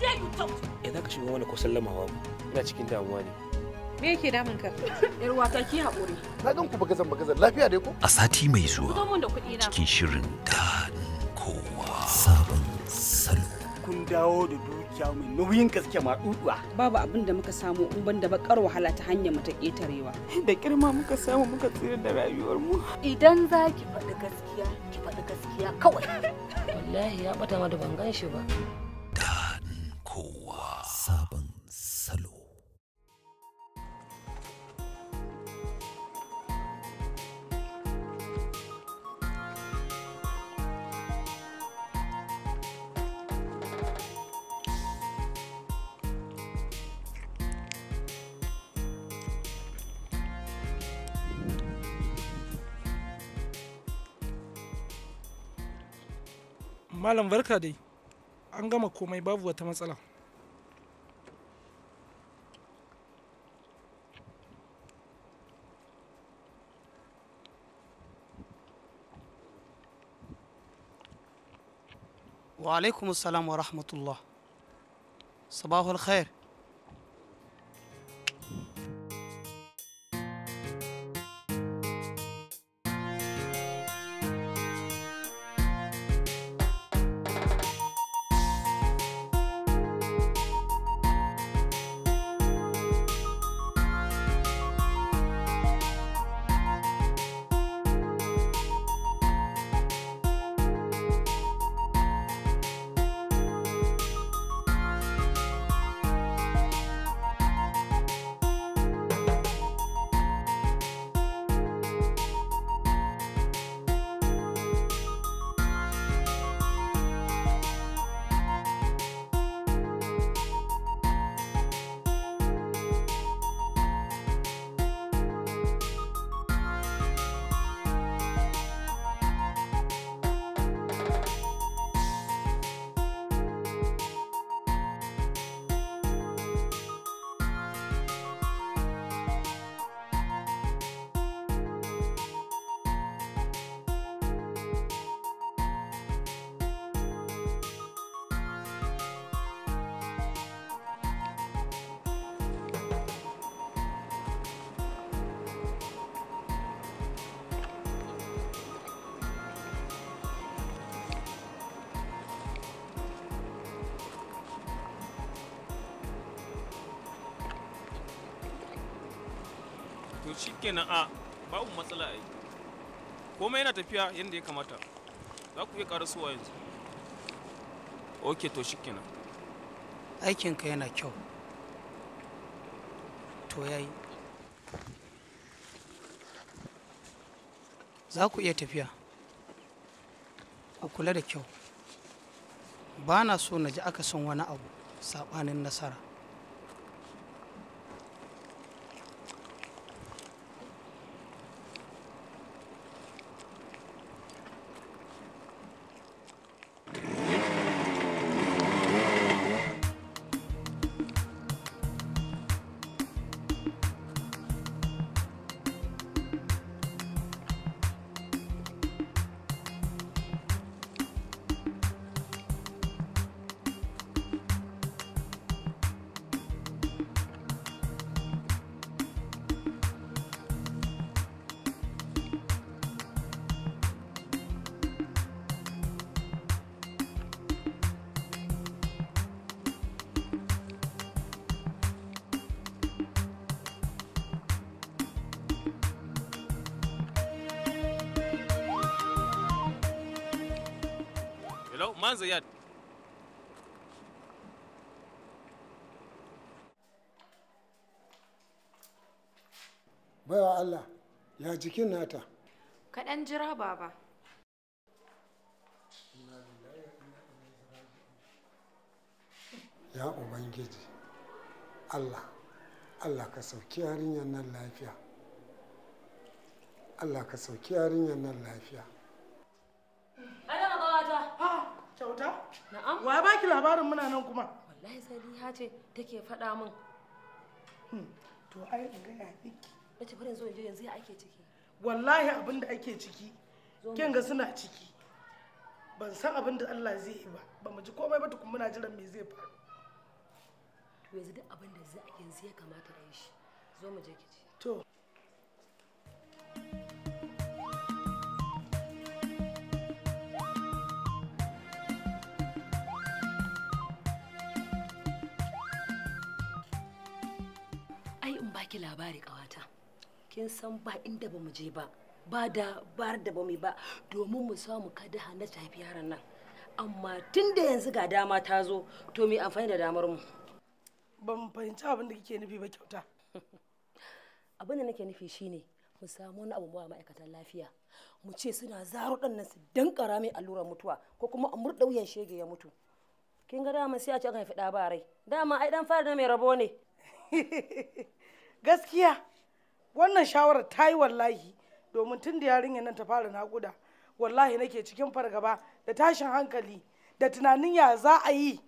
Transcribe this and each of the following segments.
dare you za ka shiga wani ko lamawa ba. Ina cikin damuwa ne. Me yake damun ka? Yar wata ki haƙuri. Na gan ku bagazan bagazan lafiya dai ko? A sati mai zuwa. Cikin shirin da kowa. Sabon salo. Kun dawo da dukiya mai nauyin gaske ma duduwa. Babu abin da muka samu in ban da bakar wahala ta hanyar mu ta ƙetarewa. Da girma muka samu muka tsira da rayuwar mu. Idan za ki faɗi gaskiya, ki faɗi gaskiya kawai. Wallahi ya ɓata ma da ban gan shi ba. malam barka dai an gama komai babu wata matsala wa alaikum salam wa rahmatullah sabahul khair to kenan a babu matsala ai komai yana tafiya yadda ya kamata za ku iya karasuwa yanzu ok to shikenan aikinka yana kyau to yayi za ku iya tafiya ku kula da kyau ba na so na ji aka son wani abu saɓanin nasara baiwa Allah ya jikin nata kaɗan jira baba ya ubangiji Allah Allah ka sauki yarinyar nan lafiya Allah ka sauki yarinyar nan lafiya Ana magawata ha kyauta na'am wa baki labarin muna nan kuma wallahi sai sadiha ce take faɗa min hmm, to ai in ga ya miki na ce bari zo je yanzu ya ake ciki wallahi abin da ake ciki kin ga suna ciki ban san abin da Allah zai yi ba ba mu ji komai ba tukun muna jiran me zai faru to yanzu duk abin da zai yanzu ya kamata a yi shi zo mu je ki ci to ai in baki labari kawata kin san ba inda ba mu je ba ba da bar da ba ba domin mu samu kada hana tafi yaran nan amma tun da yanzu ga dama ta zo to mu amfani da damar mu ban fahimci abin da kike nufi ba kyauta abin da nake nufi shine mu samu wani abu ba ma'aikatan lafiya mu ce suna zaro dan nan su dankara mai allurar mutuwa ko kuma a murda wuyan shege ya mutu kin ga dama sai a ce aka haifi da ba rai dama ai dan fara da mai rabo ne gaskiya wannan shawarar ta yi wallahi domin tun da yarinyar nan ta fara naƙuda wallahi nake cikin fargaba da tashin hankali da tunanin ya za a yi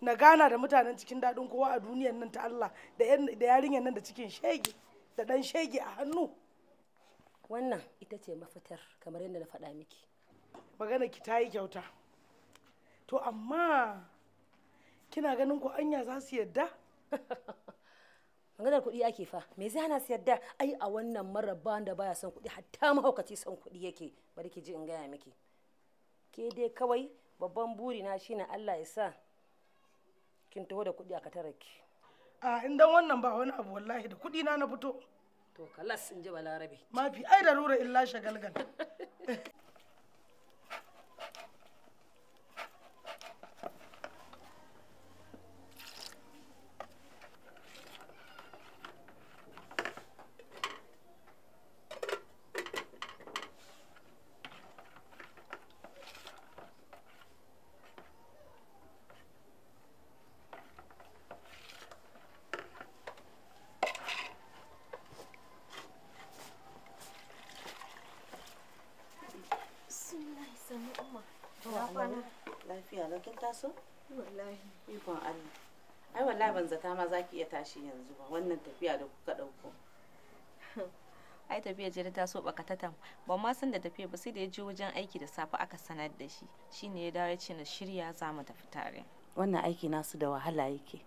na gana da mutanen cikin daɗin kowa a duniyar nan ta Allah da yarinyar nan da cikin shege da ɗan shege a hannu wannan ita ce mafitar kamar yadda na faɗa miki magana ki ta yi kyauta to amma kina ganin ko anya za su yadda maganar kuɗi ake fa me zai hana siyar da ai a wannan maraba da baya son kuɗi hatta mahaukaci son kuɗi yake bari ki ji in gaya miki ke dai kawai babban buri na shine Allah ya sa kin taho da kuɗi a katarki a in dan wannan ba wani abu wallahi da kuɗi na na fito to kalas in ji balarabe mafi ai da rura illa shagalgal sun taso wallahi ikon Allah ai wallahi ban zata ma zaki iya tashi yanzu ba wannan tafiya da kuka dauko ai tafiya je ta taso bakatatan ban ma san da tafiya ba sai da ya je wajen aiki da safe aka sanar da shi shi ne ya dawo ya ce na shirya za mu tafi tare wannan aiki nasu da wahala yake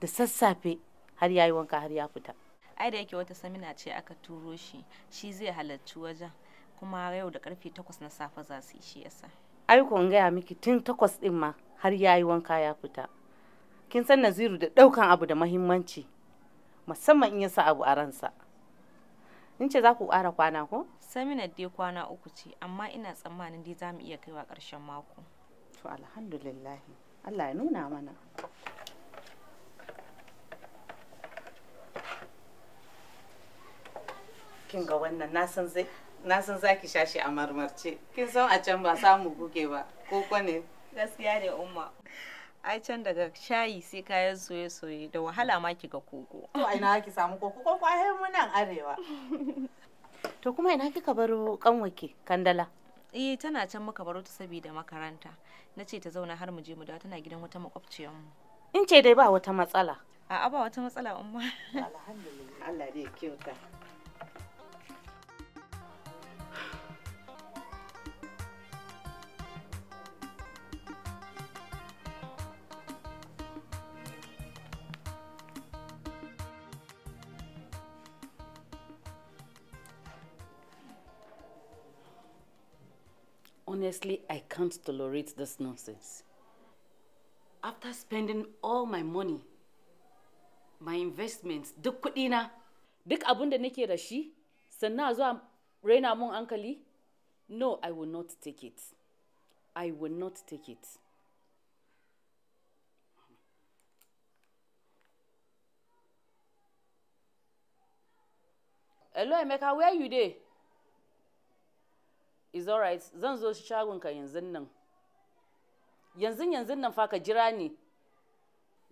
da sassafe har yayi wanka har ya fita ai da yake wata samina ce aka turo shi shi zai halarci wajen kuma yau da karfe takwas na safe za su yi shi yasa aiko kun gaya miki tun takwas ɗin ma har ya yi wanka ya fita kin san naziru da ɗaukan abu da mahimmanci musamman in ya sa abu a ransa in ce za ku ƙara kwana ko samina dai kwana uku ce amma ina tsammanin dai za mu iya kaiwa ƙarshen mako to alhamdulillah allah ya nuna mana kin ga wannan na san zai na san zaki sha shi a marmarce kin san a can ba samu kuke ba ko kwane gaskiya ne umma ai can daga shayi sai kayan soye-soye da wahala ma ki ga koko to ina ki samu koko ko kwaye mu nan arewa to kuma ina kika baro kanwake kandala eh tana can muka baro ta saboda makaranta na ce ta zauna har mu je mu dawo tana gidan wata mu in ce dai ba wata matsala a'a ba wata matsala umma alhamdulillah Allah dai kyauta Honestly, I can't tolerate this nonsense. After spending all my money, my investments, duk kuɗina, duk abin da nake da shi, sannan zuwa raina mun hankali, no, I will not take it. I will not take it. Hello, Emeka, where you there? is alright zan zo ka yanzu nan yanzu yanzu nan fa ka jira ni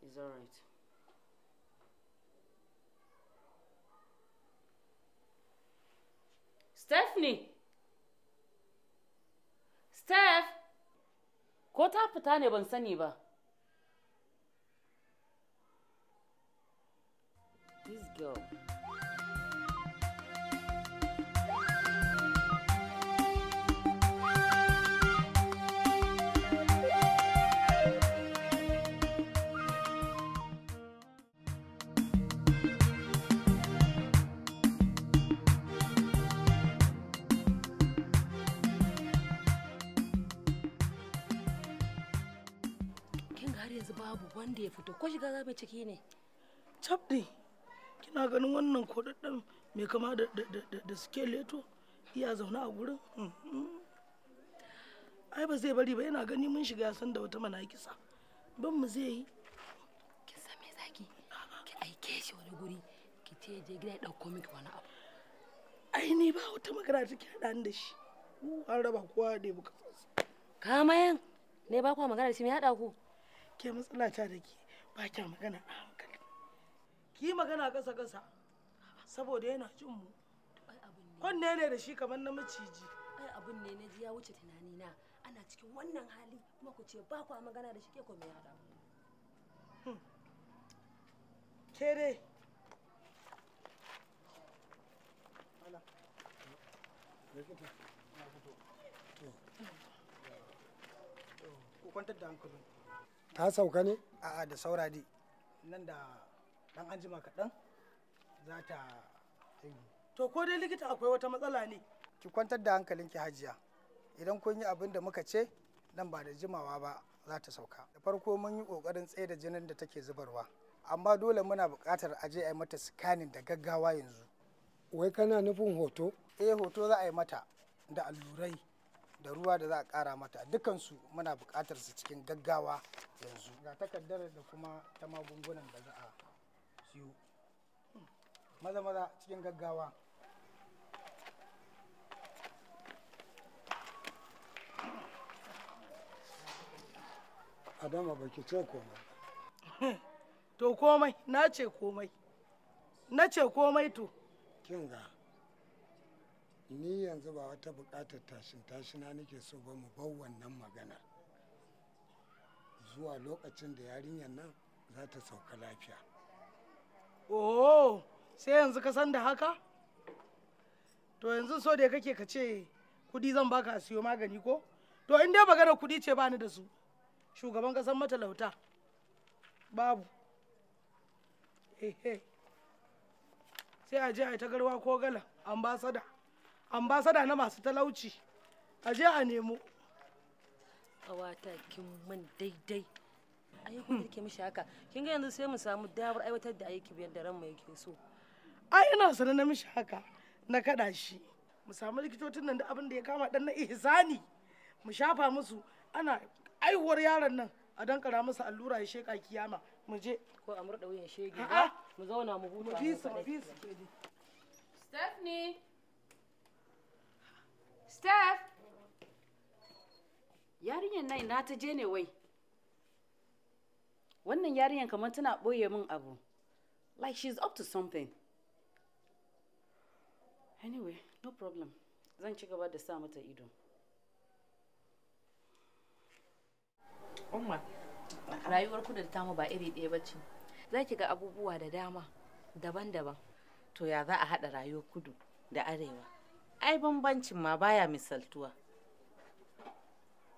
is alright Stephanie Steph ko ta fita ne ban sani ba this girl wanda ya fito ko shiga zaɓe ciki ne cabdi kina ganin wannan kodaddan mai kama da da suke leto iya zaune a gurin mm-hmm. ai ba zai bari ba yana gani mun shiga san da wata mana kisa ban mu zai yi Ki san me zaki ki aike shi wani guri ki ce je gida ya dauko miki wani abu ai ni ba wata magana take hada da shi an raba kowa da bukatarsa kamayan ne ba kwa magana da shi me hada ku ke matsala ta da ke ba kya magana a hankali ki magana kasa kasa saboda yana jin mu wanne ne da shi kamar na maciji ai abun ne na ji ya wuce tunani na ana cikin wannan hali kuma ku ce ba ku a magana da shi ke kuma ya hmm. ke dai ku kwantar da hankalinku ta sauka ne a'a da saura nan da dan anjima kaɗan za ta to ko dai likita akwai wata matsala ne ki kwantar da hankalin hankalinki hajiya idan kun yi abin da muka ce nan ba da jimawa ba za ta sauka da farko mun yi kokarin tsaye da jinin da take zubarwa amma dole muna buƙatar a je a yi mata scanning da gaggawa yanzu wai kana nufin hoto eh hoto za a yi mata da allurai da ruwa da za a kara mata dukansu muna buƙatar su cikin gaggawa yanzu ga takardar da kuma ta magungunan da za a siyo maza maza cikin gaggawa adama baki ce komai to komai na ce komai na ce komai to kin ga ni yanzu ba wata bukatar tashin tashina nake so ba mu bar wannan magana. zuwa lokacin da yarinyar nan za ta sauka lafiya oh sai yanzu ka san da haka to yanzu so da kake ka ce kudi zan baka siyo magani ko to in dai magana kudi ce bani da su shugaban kasan matalauta babu sai a je a yi ta garwa ko gala ambasada ambasada na masu talauci a je a nemo ƙawata kin man daidai ayyukan da ke mishi haka kin ga yanzu sai mu samu damar aiwatar da aiki biyar da ran mai yake so ai ina sana na mishi haka na kaɗa shi mu samu likitocin nan da abin da ya kama dan na ihsani mu shafa musu ana aihuwar yaron nan a dankara masa allura ya sheka kiyama mu je ko a murda wuyan shege mu zauna mu huta mu fisa mu fisa Stephanie Steph! Yarinyar nan ina ta je ne wai. Wannan yarinyar kamar tana ɓoye min abu. Like she's up to something. Anyway, no problem. Zan ci gaba da sa mata ido. Umma, rayuwar ku da tamu ba iri ɗaya ba ce. Za ki ga abubuwa da dama daban-daban. To ya za a haɗa rayuwar kudu da arewa? ai bambancin ma baya misaltuwa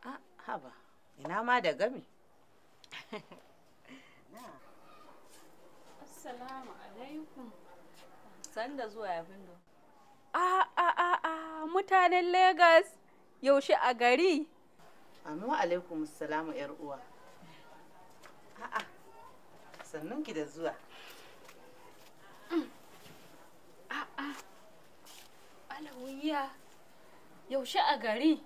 a haba ina ma da gami assalamu alaikum sanda zuwa ya bindo a a a a mutanen lagos yaushe a gari amma alaikum assalamu yar uwa a'a sannunki da zuwa yaushe a gari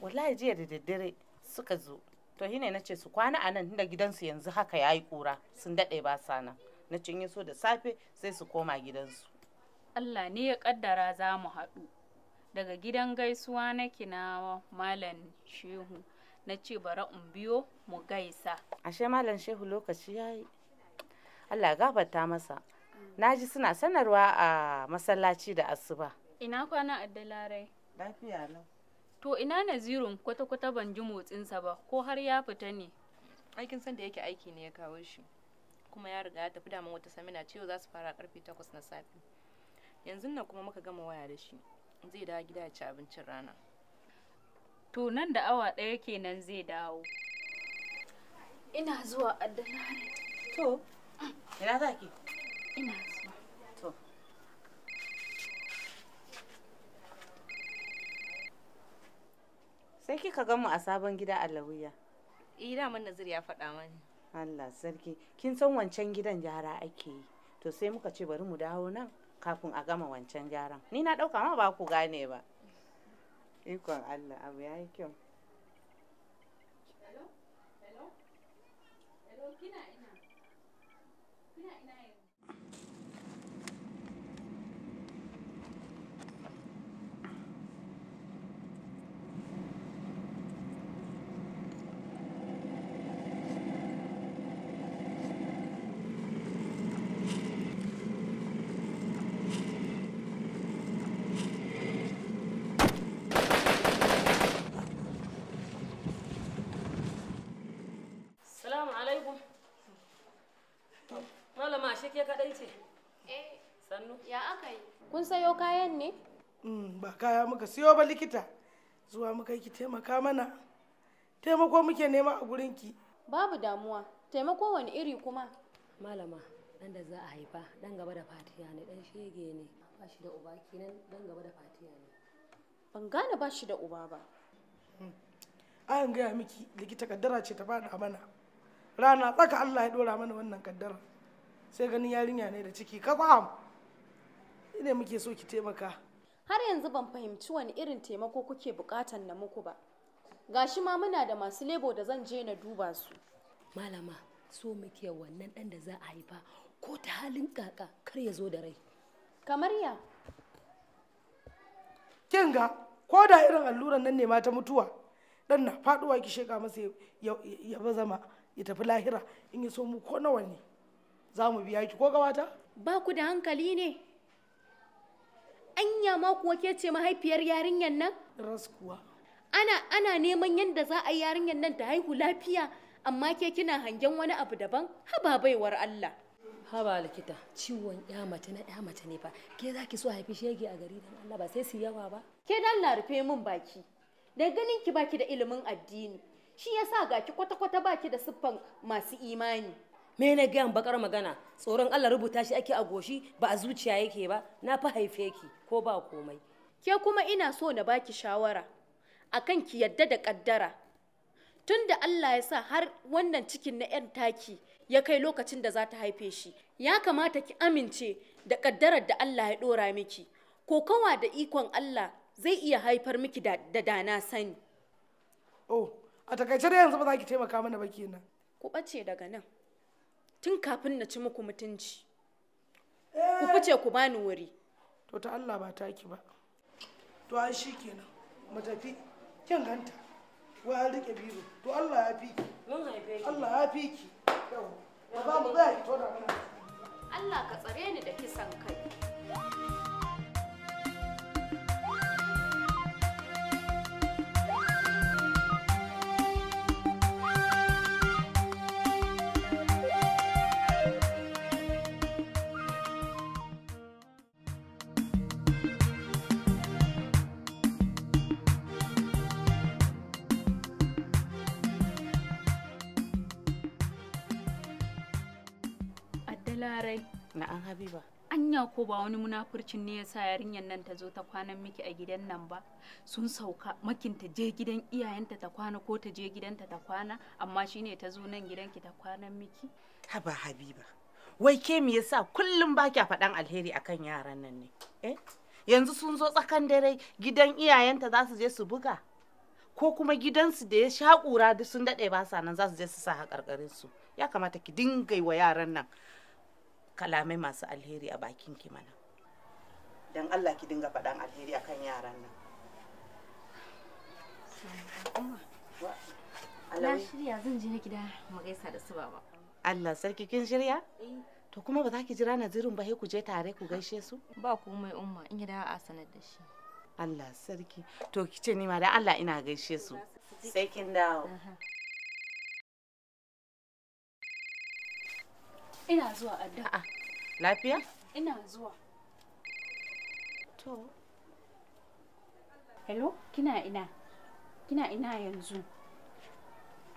wallahi jiya da daddare suka zo to shine ce su kwana a nan da gidansu yanzu haka ya yi kura sun daɗe ba nan na cin so da safe sai su koma gidansu Allah ne ya kaddara za mu haɗu daga gidan gaisuwa na kinawa malam shehu na ce bara in biyo mu gaisa ashe malam shehu lokaci ya yi. Allah gafarta masa na ji suna sanarwa a masallaci da asuba ina kwana a dalarai Lafiya nan. To ina Nazirun kwata-kwata ban ji motsinsa ba ko har ya fita ne? Aikin san da yake aiki ne ya kawo shi. Kuma ya riga ya tafi daman wata samina cewa za su fara karfe 8 na safe. Yanzu nan kuma muka gama waya da shi. Zai dawo gida ya ci abincin rana. To nan da awa ɗaya kenan zai dawo. Ina zuwa addana To, ina za Ina Sai kika gan mu a sabon gida a lauya. Eh man Nazir ya faɗa mani. Allah sarki, kin san wancan gidan gyara ake yi. To sai muka ce bari mu dawo nan kafin a gama wancan gyaran. Ni na ɗauka ma ba ku gane ba. Ikon Allah abu ya kyau. ashe ke kadai ce eh sannu ya aka yi kun sayo kayan ne mm, ba kaya muka siyo ba likita zuwa muka yi ki taimaka mana taimako muke nema a gurinki babu damuwa taimako wani iri kuma malama dan da za a haifa dan gaba da fatiya ne dan shege ne ba shi da uba kenan dan gaba da fatiya ne ban gane ba shi da uba ba mm. an gaya miki likita kaddara ce ta faɗa mana rana tsaka Allah ya ɗora mana wannan kaddara sai ganin yarinya ne da ciki ka faham ne muke so ki taimaka har yanzu ban fahimci wani irin taimako kuke bukatan na muku ba gashi ma muna da masu lebo da zan je na duba su malama so muke wannan dan da za a haifa ko ta halin kaka kar ya zo da rai kamar ya kin ga ko da irin alluran nan ne ma ta mutuwa dan na faduwa ki sheka masa ya zama ya tafi lahira in ya so mu ko nawa ne za mu biya ki ko gawata ba ku da hankali ne anya ma kuwa ke ce mahaifiyar yarinyar nan ras kuwa ana ana neman yadda za a yi yarinyar nan ta haihu lafiya amma ke kina hangen wani abu daban haba baiwar Allah haba likita ciwon ya mace na ya mace ne fa ke za ki so haifi shege a gari dan Allah ba sai su yawa ba ke dan Allah rufe min baki da ganin ki baki da ilimin addini shi yasa ga ki kwata-kwata baki da siffan masu imani me ne yan bakar magana tsoron Allah rubuta shi ake a goshi ba a zuciya yake ba na fa haife ki ko ba komai ke kuma ina so na baki shawara akan ki yadda da kaddara tunda Allah ya sa har wannan cikin na yan taki ya kai lokacin da za ta haife shi ya kamata ki amince da kaddarar da Allah ya dora miki ko kokawa da ikon Allah zai iya haifar miki da dana sani oh a takaice da yanzu ba za ki taimaka mana ba kenan ku bace daga nan tun kafin na ci muku mutunci ku eh. fice ku bani wuri to ta Allah ba ta ki ba to ai shi kenan matafi kin ganta wa an rike biro to Allah ya fi mun haife ki Allah ya fi ki yau ba mu ga ki to da Allah ka tsare ni da kisan kai Larai. Na'an Habiba. Anya ko ba wani munafurcin ne yasa yarinyar nan ta zo ta kwanan miki a gidan nan ba. Sun sauka makin ta je gidan iyayenta ta kwana ko ta je gidanta ta kwana amma shine ta zo nan gidanki ta kwanan miki. Haba Habiba. Wai ke me yasa kullum ba kya faɗan alheri akan yaran nan ne? Eh? Yanzu sun zo tsakan dare gidan iyayenta za su je su buga. ko kuma gidansu da ya sha duk sun daɗe ba sa nan za su je su sa haƙarƙarin su ya kamata ki dinga wa yaran nan kalamai masu alheri a bakin ki mana dan Allah ki dinga faɗan alheri akan yaran nan na shirya zan je na gida mu gaisa da su baba Allah sarki kin shirya eh. to kuma ba za ki jira nazirin ba sai ku je tare ku gaishe su ba komai umma in gida a sanar da shi Allah sarki to kice ni ma da Allah ina gaishe su sai kin dawo Ina zuwa addu'a. Lafiya? Ina zuwa. To. Hello, kina ina? Kina ina yanzu?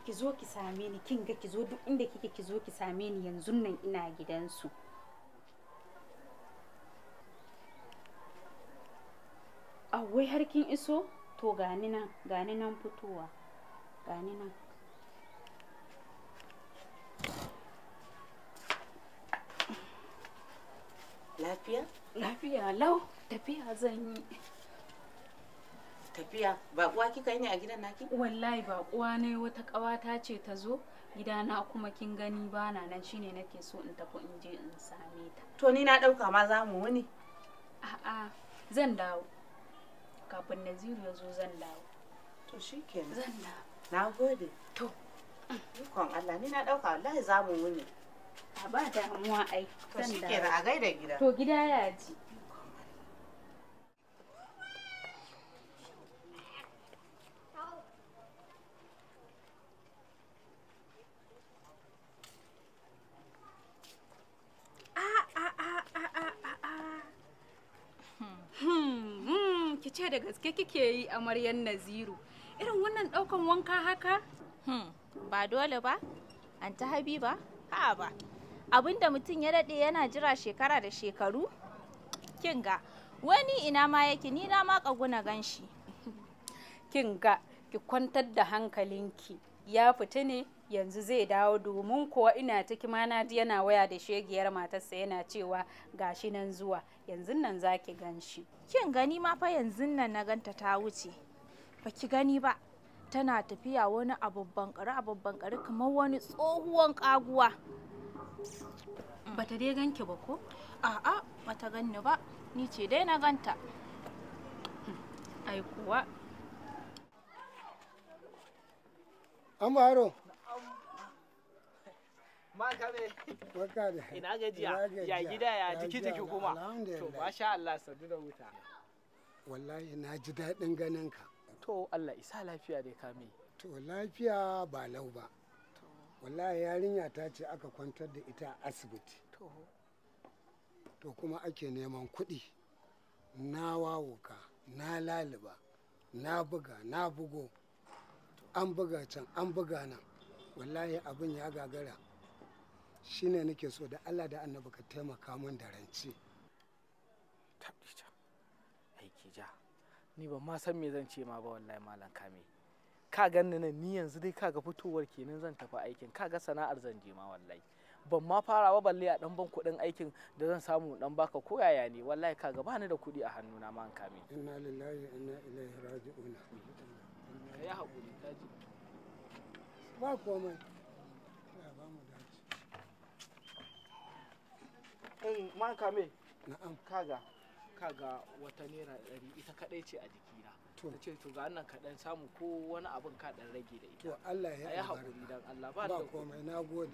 Ki zo ki same ni, kin ga ki zo duk inda kike ki zo ki same ni yanzu nan ina gidansu. Awai har kin iso? To gani nan, gani nan fitowa. Gani nan. Lafiya? Lafiya lau, tafiya zan yi. Tafiya, baƙuwa kika yi ne a gidan naki? Wallahi baƙuwa ne wata ƙawata ce ta zo gidana kuma kin gani ba na nan shine nake so in tafi in je in same ta. To ni na ɗauka ma za mu wuni? A'a, zan dawo. Kafin Naziru ya zo zan dawo. To shikenan. Zan dawo. Na gode. To. Ikon Allah ni na ɗauka wallahi za mu wuni. A ba damuwa ai. To shi kenan a gaida gida. To gida ya ji. ce da gaske kike yi amaryan naziru irin wannan daukan wanka haka? Hmm, ba dole ba, an ta habiba haba abinda mutum ya daɗe yana jira shekara da shekaru kinga wani ina ma yake ni na ma kaguna ganshi kinga ki kwantar da hankalinki ya fita ne yanzu zai dawo domin kuwa ina ta kimana yana waya da shegiyar matarsa yana cewa gashi nan zuwa yanzu nan za zaki ganshi kin gani ma fa yanzu nan na ganta ta wuce ba ki gani ba tana tafiya wani abubban kare abubban kare kamar wani tsohuwan kaguwa bata dai ganki ba ko a'a bata ganni ba ni ce dai na ganta ai kuwa an baro Makabe. Makabe. Ina gajiya. Ya gida ya jiki jiki kuma. To masha Allah sadu da wuta. Wallahi na ji daɗin ganin ka. to Allah isa lafiya dai kame to lafiya ba lau ba wallahi yarinya ta ce aka kwantar da ita a asibiti to kuma ake neman kuɗi na wawuka na laliba na buga na bugo an buga can an buga nan wallahi abin ya gagara shine nake so da allah da annabi ka taimaka min da rance ni ba ma san me zan ce ma ba wallahi malam kame ka ganni nan ni yanzu dai kaga fitowar kenan zan tafi aikin kaga sana'ar zan je ma wallahi ban ma fara ba balle a dan ban kuɗin aikin da zan samu dan baka ko yaya ne wallahi kaga bani da kuɗi a hannuna ma an kame inna lillahi inna ilaihi raji'un kai hakuri kaji ba komai ya eh, man kame na'am kaga ɗauka ga wata naira ɗari ita kaɗai ce a jikina ta ce to ga nan kaɗan samu ko wani abin ka ɗan rage da ita to Allah ya yi haƙuri dan Allah ba da komai na gode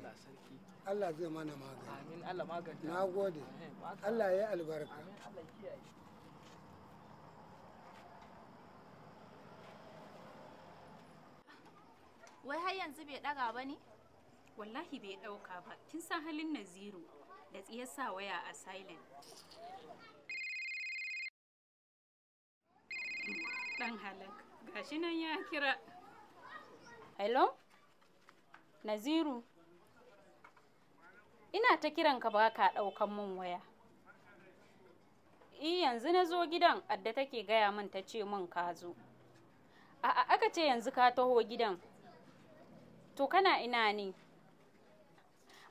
Allah zai mana magani amin Allah magani na gode Allah ya yi albarka amin Allah wai har yanzu bai ɗaga ba ne? Wallahi bai ɗauka ba, kin san halin Naziru da tsiyar sa waya a silent. Dan Hello? Naziru? Ina ta kiran ka ba ka ɗaukan mun waya. I yanzu na zo gidan adda take gaya min ta ce mun ka zo. A'a aka ce yanzu ka taho gidan. To kana ina ne?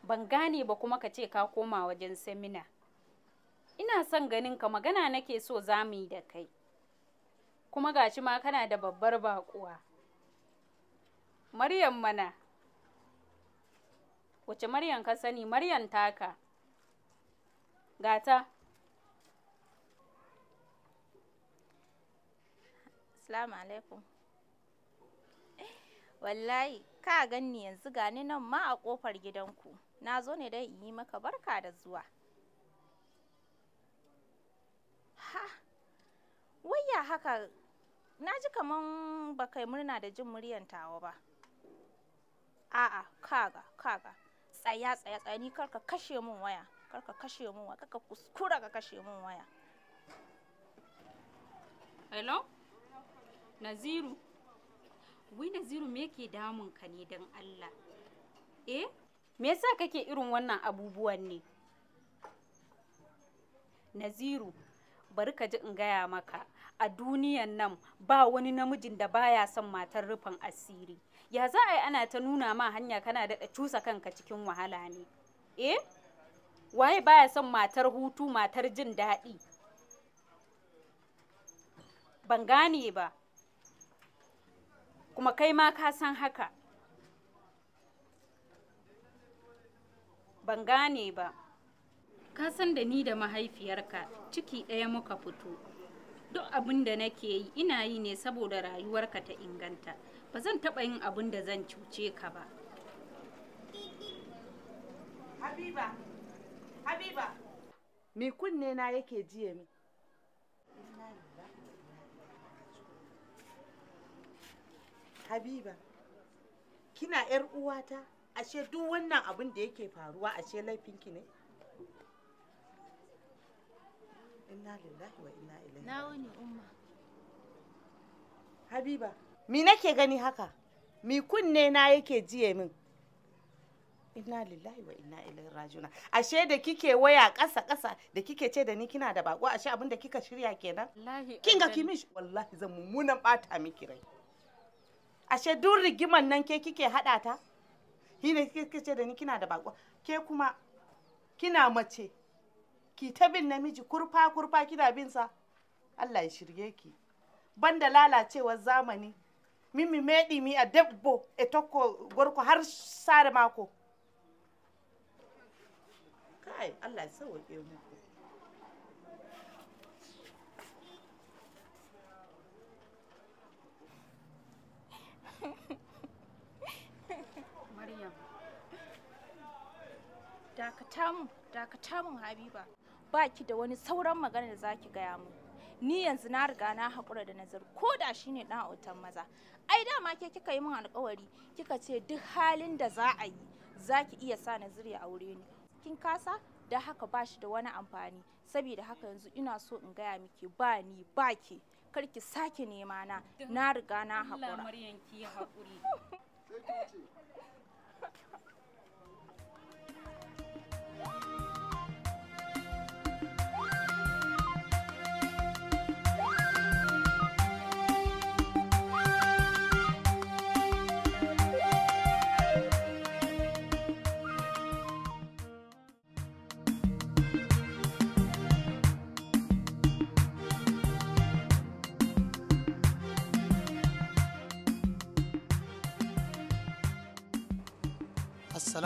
Ban gane ba kuma ka ce ka koma wajen semina. Ina son ganin ka magana nake so za mu yi da kai. kuma gashi ma kana da babbar baƙuwa. Maryam mana, wace Maryam ka sani, Maryam taka, gata. Salamu alaikum. Eh, wallahi, ka ganni yanzu gani nan ma a ƙofar gidanku, na zo ne don in yi maka barka da zuwa. Ha, wayya haka na ji kaman ba kai murna da jin muryan tawa ba a'a kaga kaga tsaya tsaya tsaya ni karka kashe mun waya karka kashe mun waya karka kuskura ka kashe mun waya hello naziru wai naziru me yake damun ka ne dan Allah eh me yasa kake irin wannan abubuwan ne naziru bari ka ji in gaya maka a duniyan nan ba wani namijin da baya son matar rufin asiri ya za a yi ana ta nuna ma hanya kana daɗa cusa kanka cikin wahala ne eh waye baya son matar hutu matar jin daɗi ban gane ba kuma kai ma ka san haka ban gane ba ka san da ni da mahaifiyarka ciki ɗaya muka fito duk abin da nake yi ina yi ne saboda rayuwarka ta inganta ba zan taɓa yin abin da zan cuce ka ba habiba habiba me kunne na yake jiya min habiba kina yar uwata ashe duk wannan abin da yake faruwa ashe laifinki ne Inna lillahi wa inna ilaihi. Na wuni umma. Habiba, mi nake gani haka? Mi kunne na yake jiye min? Inna lillahi wa inna ilaihi rajiuna. Ashe da kike waya kasa kasa da kike ce da ni kina da bako ashe abin da kika shirya kenan? Kin ga kimish wallahi zan mummunan bata miki rai. Ashe duk rigiman nan ke kike haɗa ta? Hine kike ce da ni kina da bako. Ke kuma kina mace ki ta bin namiji kurfa kurfa kina bin sa Allah ya shirye ki banda lalacewar zamani mimi medi mi a debbo e tokko gorko har sare mako kai Allah ya sauke mu Maryam dakata dakata Habiba ba ki da wani sauran magana da za ki gaya mu ni yanzu na riga na haƙura da nazar ko da shi ne ɗan autan maza ai dama ke kika yi min alƙawari kika ce duk halin da za a yi za ki iya sa nazir ya aure ni kin kasa da haka ba shi da wani amfani saboda haka yanzu ina so in gaya miki ba ni ba ki kar ki sake nema na na riga na haƙura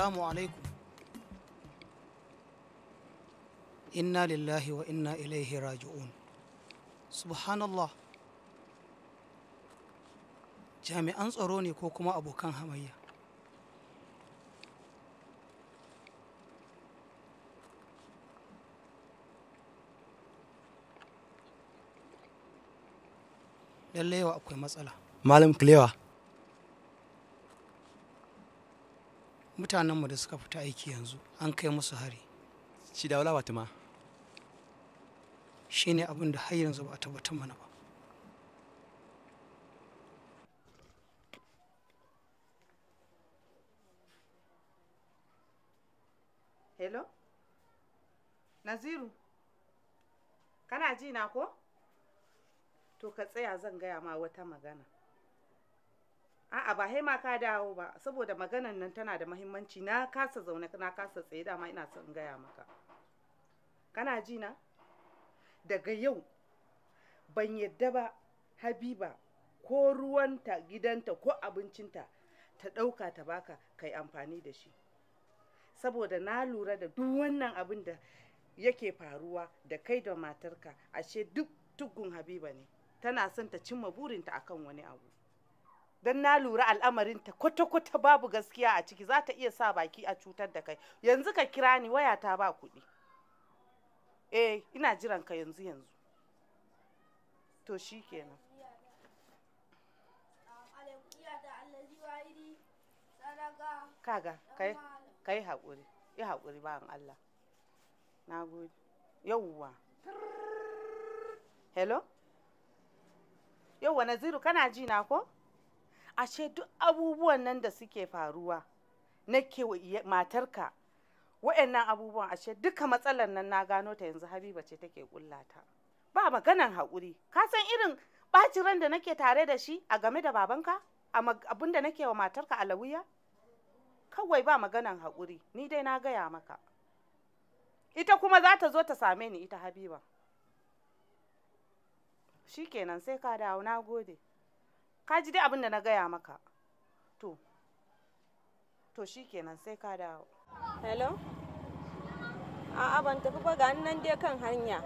assalamu alaikum inna lillahi wa inna ilaihi raji'un subhanallah jami'an tsaro ne ko kuma abokan hamayya lallai akwai matsala malam mutanenmu da suka fita aiki yanzu an kai musu hari shi da wala ma shi ne abin da har yanzu ba a tabbatar mana ba hello naziru kana ji na ko to ka tsaya zan gaya ma wata magana a'a ba hai ma ka dawo ba saboda maganan nan tana da mahimmanci na kasa zaune na kasa tsaye dama ina son in gaya maka kana ji na daga yau ban yadda ba habiba ko ruwanta gidanta ko abincinta ta ɗauka ta baka kai amfani da shi saboda na lura da duk wannan abin da yake faruwa da kai da matarka ashe duk tugun habiba ne tana son ta cimma burinta akan wani abu don na lura al'amarinta kwata-kwata babu gaskiya a ciki za ta iya sa baki a cutar da kai yanzu ka kira ni waya ta ba kuɗi eh ina jiran ka yanzu yanzu to shi kenan kaga kai kai haƙuri yi haƙuri bayan Allah na gode yauwa hello yauwa naziru kana ji na ko ashe duk abubuwan nan da suke faruwa na matarka wa'annan abubuwan ashe duka matsalar nan na gano ta yanzu habiba ce take kullata ba maganan haƙuri ka san irin ɓacin ran da nake tare da shi a game da babanka abin da nake wa matarka alawiya kawai ba maganan haƙuri ni dai na gaya maka ita kuma za ta zo ta same ni ita habiba shi kenan sai ka dawo na gode ka ji dai abin da na gaya maka to to shikenan sai ka dawo hello a'a ban tafi ba ga nan dai kan hanya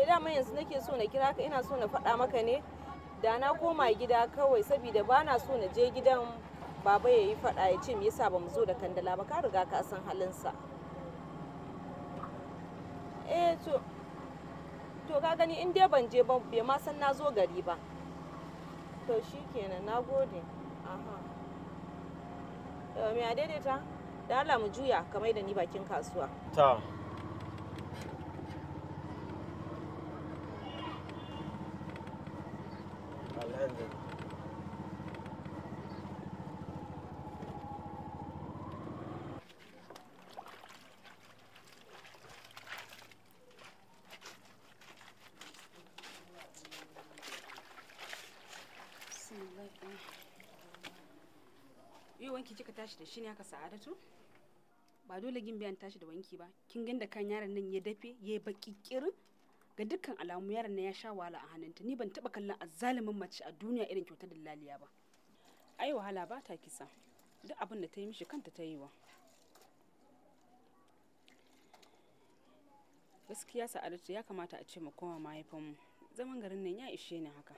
eh dama yanzu nake so na kira ka ina so na faɗa maka ne da na koma gida kawai saboda ba na so na je gidan baba ya yi faɗa ya ce me yasa ba mu zo da kandala ba ka riga ka san halinsa eh to to ka gani in dai ban je ba bai ma san na zo gari ba to shi kenan na gode aha me a daidaita da Allah mu juya kamar da ni bakin kasuwa ta tashi da shi ne haka sa'adatu ba dole gin biyan tashi da wanki ba kin ganda kan yaron nan ya dafe ya baƙi kirin ga dukkan alamu yaron na ya sha wahala a hannunta ni ban taba kallon azzalumin mace a duniya irin kyautar da laliya ba ai wahala ba ta kisa duk abin da ta yi mishi kanta ta yi wa gaskiya sa'adatu ya kamata a ce ma koma mahaifinmu zaman garin nan ya ishe ni haka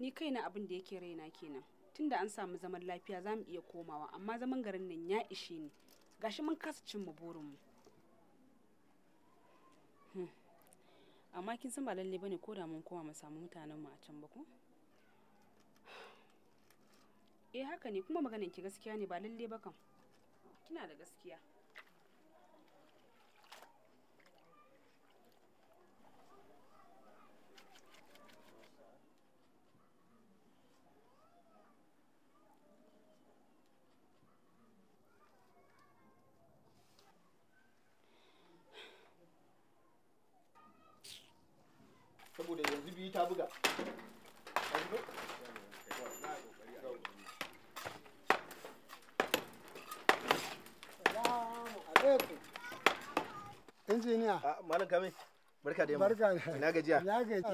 ni kaina abin da yake raina kenan tunda an samu zaman lafiya za mu iya komawa amma zaman garin nan ya ishe ni gashi mun kasa cin mu burinmu hmm. amma kin san ba lalle bane ko da mun koma mu samu mutanen mu a can ba ko eh haka ne kuma maganin ki gaskiya ne ba lalle ba kam kina da gaskiya biyu ta buga injiniya ah, malam kame barka da yamma barka ina gajiya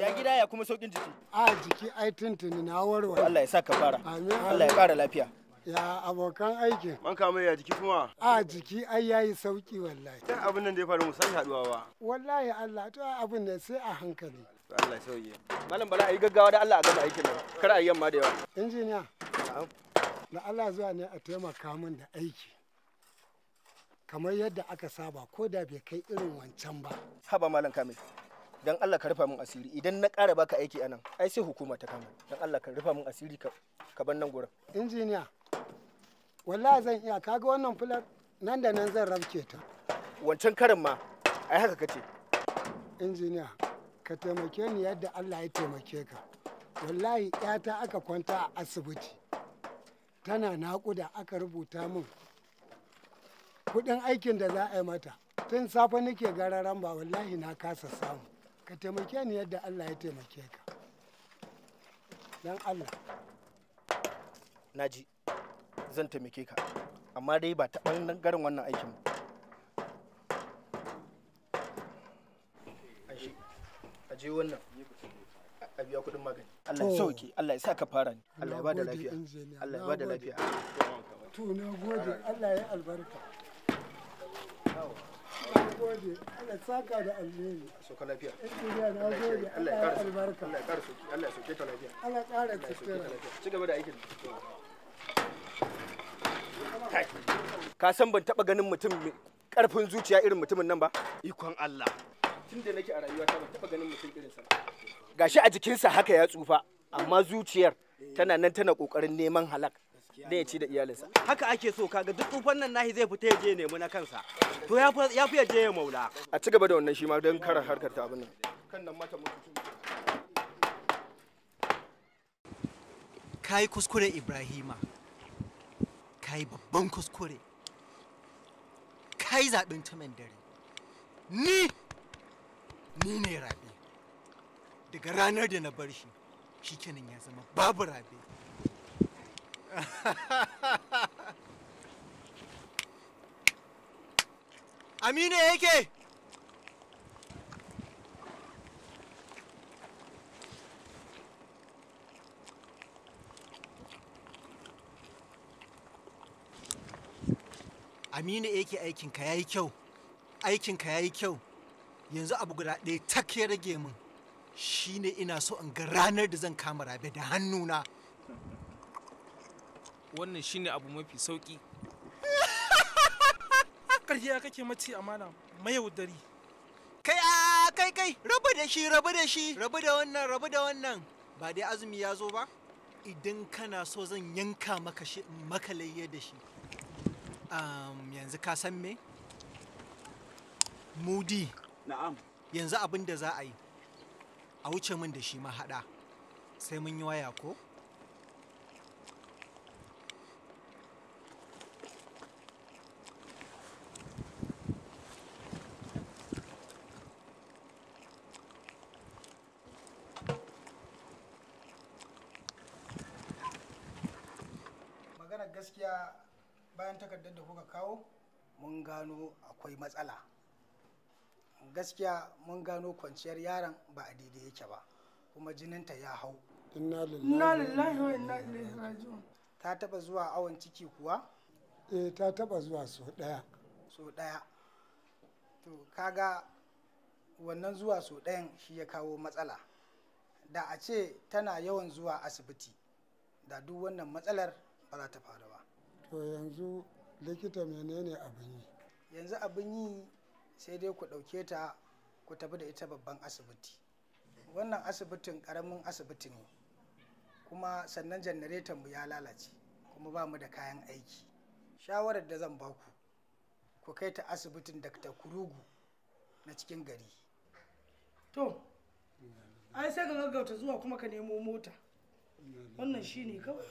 ya gida ya kuma saukin jiki a jiki ai tuntuni na warware Allah ya saka fara Allah ya kara lafiya ya abokan aikin man kama ya jiki kuma a jiki ai yayi sauki wallahi dan abin nan da ya faru mu sake haduwa ba wallahi Allah to abin nan sai a hankali Allah sauye. Malam Bala a gaggawa da Allah a gama aikin nan. Kar a yamma da yawa. Injiniya. Na Allah zuwa ne a taimaka min da aiki. Kamar yadda aka saba ko da bai kai irin wancan ba. Haba Malam Kamil. Dan Allah ka rufa min asiri idan na ƙara baka aiki anan ai sai hukuma ta kama. Dan Allah ka rufa min asiri ka ka bar nan gurin. Injiniya. Wallahi zan iya kaga wannan fular nan da nan zan rabke ta. Wancan karin ma ai haka kace. Injiniya. ka taimake ni yadda Allah ya taimake ka wallahi yata aka kwanta a asibiti tana nakuda aka rubuta min kuɗin aikin da za a yi mata tun safe nake gararan ba wallahi na kasa samu ka taimake ni yadda Allah ya taimake ka don Allah naji zan taimake ka amma dai ba ta ɓangaren wannan aikin ba je wannan a biya kuɗin magani Allah ya sauke Allah ya saka fara ni Allah ya bada lafiya Allah ya bada lafiya to na gode Allah ya albarka na gode Allah ya saka da alheri soka lafiya na gode Allah ya kara albarka Allah ya kara soki Allah ya soke ta lafiya Allah ya kara ci gaba da aikin ka san ban taba ganin mutum karfin zuciya irin mutumin nan ba ikon Allah tun da nake a rayuwata ban taɓa ganin mutum irin sa gashi a jikinsa haka ya tsufa amma zuciyar tana nan tana kokarin neman halak da ya ci da iyalinsa haka ake so kaga duk tsufan nan nahi zai fita ya je nemi na kansa to ya fi ya je ya maula a ci gaba da wannan shi ma don kara harkar ta abin nan kan nan mata kai kuskure ibrahima kai babban kuskure kai zaɓin tumen dare ni ni ne rabe daga ranar da na bar shi shi kenan ya zama babu rabe amina yake amina yake aikinka ya yi kyau aikinka ya yi kyau yanzu abu guda ɗaya tak ya rage min shine ina so in ga ranar da zan kama rabe da hannuna wannan shine abu mafi sauki ya kake mace amana mayaudari kai a kai kai rabu da shi rabu da shi rabu da wannan rabu da wannan ba dai azumi ya zo ba idan kana so zan yanka maka shi maka da shi yanzu ka san me mudi Na'am. Yanzu abin da za a yi, a wuce min da shi mahaɗa, sai mun yi waya ko? maganar gaskiya bayan takardar da kuka kawo mun gano akwai matsala gaskiya mun gano kwanciyar yaron ba a daidai yake ba kuma jininta ya hau inna lillahi wa inna ilaihi raji'un ta taba zuwa awon ciki kuwa eh ta taba zuwa so daya so daya to kaga wannan zuwa so dayan shi ya kawo matsala da a ce tana yawan zuwa asibiti da duk wannan matsalar ba za ta faru ba to yanzu likita menene abin yi yanzu abin yi sai dai ku ɗauke ta ku tafi da ita babban asibiti wannan asibitin ƙaramin asibiti ne kuma sannan janaretan mu ya lalace kuma ba mu da kayan aiki shawarar da zan baku ku kai ta asibitin dr kurugu na cikin gari to ai sai ka gaggauta zuwa kuma ka nemo mota wannan shine kawai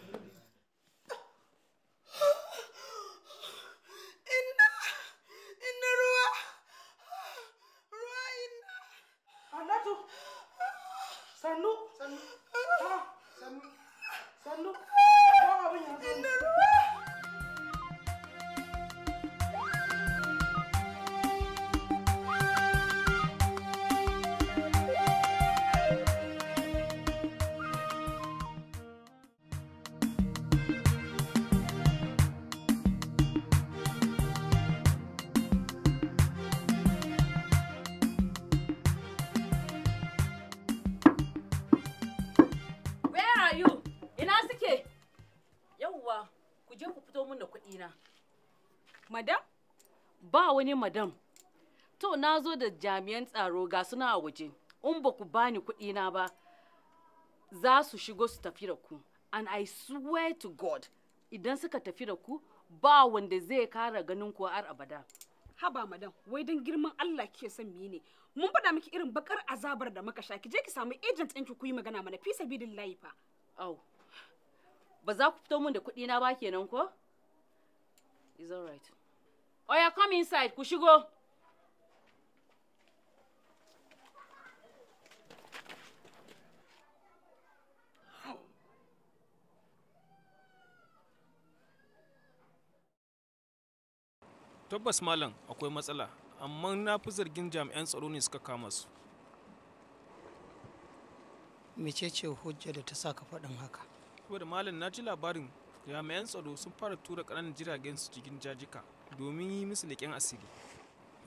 ba wani madam to na zo da jami'an tsaro ga suna a waje in ba ku bani kuɗi na ba za su shigo su tafi da ku and i swear to god idan suka tafi da ku ba wanda zai kara ganin ku har abada haba madam wai don girman Allah ke son mi ne mun faɗa miki irin bakar azabar da muka sha ki je ki samu agent ɗinki ku yi magana mana fi sabidin laifa. au ba za ku fito mun da kuɗi na ba kenan ko is alright Oya come inside, ku shigo. Tabbas malam akwai matsala, amma na fi zargin jami'an tsaro ne suka kama su. ce hujja da ta sa ka faɗin haka? Saboda malam na ji labarin jami'an tsaro sun fara tura ƙananan jiragen su cikin jajika domin yi musu leƙen asiri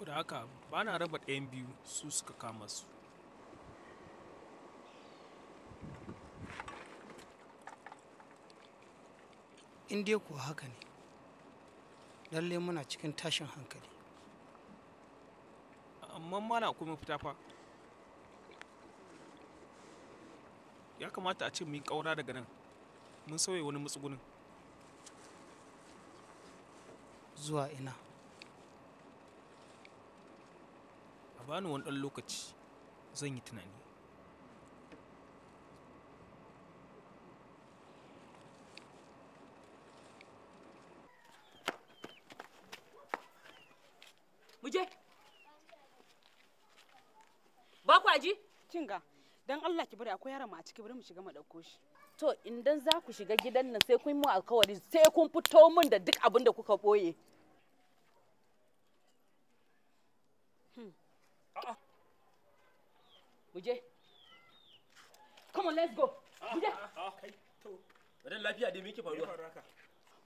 da haka ba na raba ɗayan biyu su suka kama su in dai kuwa haka ne lalle muna cikin tashin hankali amma mana kuma fita fa ya kamata a ce mu yi ƙaura daga nan mun sauya wani matsugunin zuwa ina a bani wani ɗan lokaci zan yi tunani muje ba ku aji kinga don allah ki bari akwai yaron mu a ciki bari mu shiga mu ɗauko shi to idan za ku shiga gidan nan sai kun mu alkawari sai kun fito mun da duk abin da kuka boye Buje. Hmm. Come on, let's go. Buje. Bari lafiya dai me yake faruwa?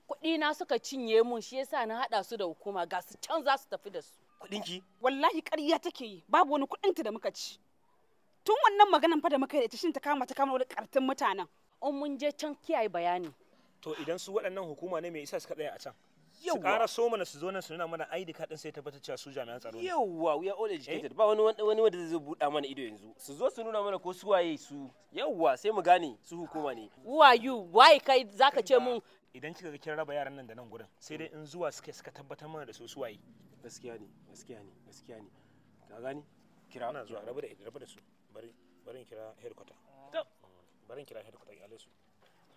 Kuɗi na suka cinye mun shi yasa na haɗa su da hukuma ga su can za su tafi da su. Kuɗin ki? Wallahi ƙarya take yi. Babu wani kuɗin ta da muka ci. Tun wannan maganan fa da muka yi da ta shin ta kama ta kama wani ƙartin mutanen. in mun je can kiyaye bayani to idan su waɗannan hukuma ne mai isa suka tsaya a can su ƙara so mana su zo nan su nuna mana ID card din sai tabbatar cewa su jami'an tsaro ne yawwa we are all eh? educated ba wani wani wanda zai buɗa mana ido yanzu su zo su nuna mana ko su waye su yawwa sai mu gane su hukuma ne who are you why kai zaka ce mun idan kika ga kin raba yaran nan da nan gurin sai dai in zuwa suke suka tabbatar mana da su su waye gaskiya ne gaskiya ne gaskiya ne ka gani kira ana zuwa raba da da su bari bari kira headquarters. barin kira hedu iyalai alesu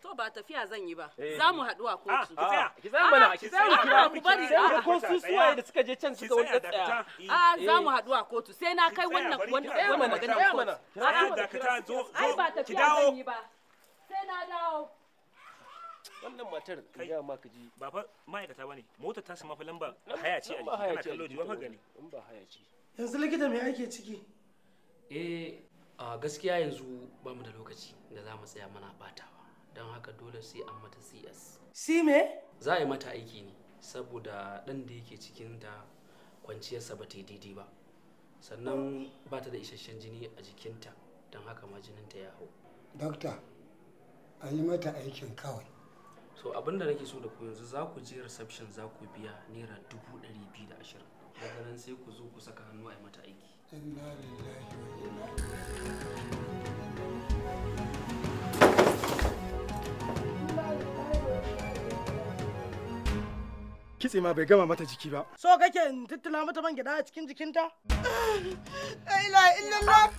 to ba tafiya zan yi ba eh. za mu haɗu a kotu ah, ah. ki tsaya mana ki tsaya kira ku bari da ko su suwaye da suka je can suka wani tsaya a eh. za mu haɗu a kotu sai na kai wannan wani mana magana ko a da ka ta zo ai ba tafiya zan yi ba sai na dawo wannan matar kai ga ma ji ba fa ma'aikata bane motar ta sama fa lamba haya ce a jiki kana kallo jiwa fa gani in ba haya ce yanzu likita me yake ciki eh a gaskiya yanzu ba mu da lokaci da za mu tsaya mana batawa don haka dole sai an mata cs si me za a yi mata aiki ne saboda ɗan da yake cikin da kwanciyarsa ba ta yi daidai ba sannan ba ta da isasshen jini a jikinta don haka ma jininta ya hau dokta a yi mata aikin kawai so abinda nake so da ku yanzu za ku je reception za ku biya naira dubu ɗari biyu da ashirin daga nan sai ku zo ku saka hannu a yi mata aiki inna inna kitse ma bai gama mata jiki ba. So kake in tattala mata man gida a cikin jikinta? Ila illallah.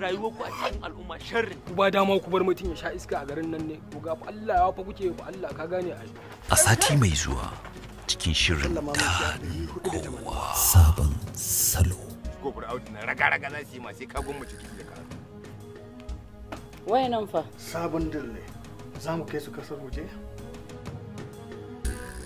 Rayuwar ku a cikin al'umma sharri. Ku ba dama ku bar mutum ya sha iska a garin nan ne. Ku ga Allah ya fa kuke ku Allah ka gane ai. A sati mai zuwa cikin shirin tarin kowa sabon salo. kofar audi na raga-raga za su yi masu kagon mace ciki da karatu. Wai nan fa? Sabon dille za mu kai su kasar waje?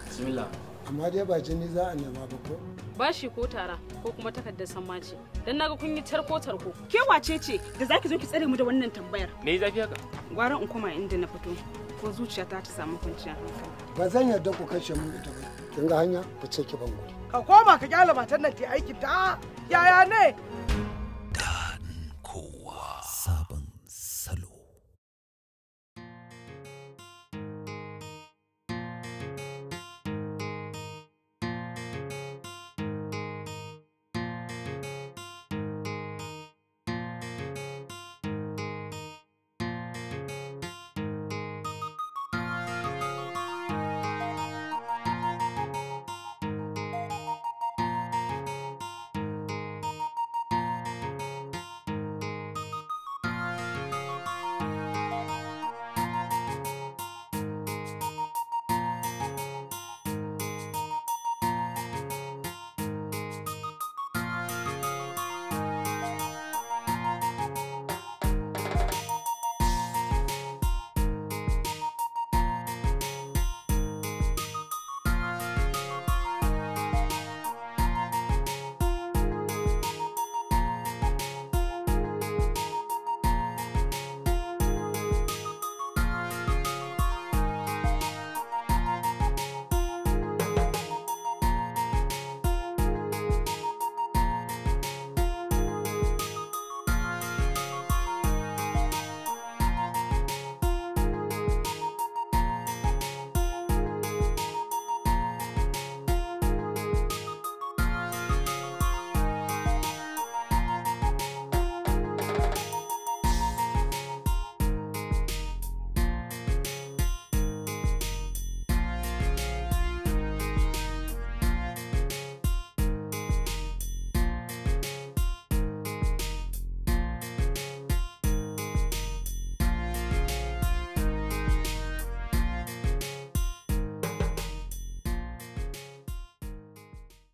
Bismillah. Amma dai ba jini za a nema ba ko? Bashi ko tara ko kuma takardar sammaci. Dan naga kun yi tarko tarko. Ke wace ce da zaki zo ki tsare mu da wannan tambayar? Me zafi haka? Gwara in koma inda na fito. Ko zuciya ta ta samu kwanciyar hankali. Ba zan yarda ku kashe mun ita ba. Kin ga hanya ku ce ki bango. ka koma ka kyala matan nan ta aikin ta Yaya ne?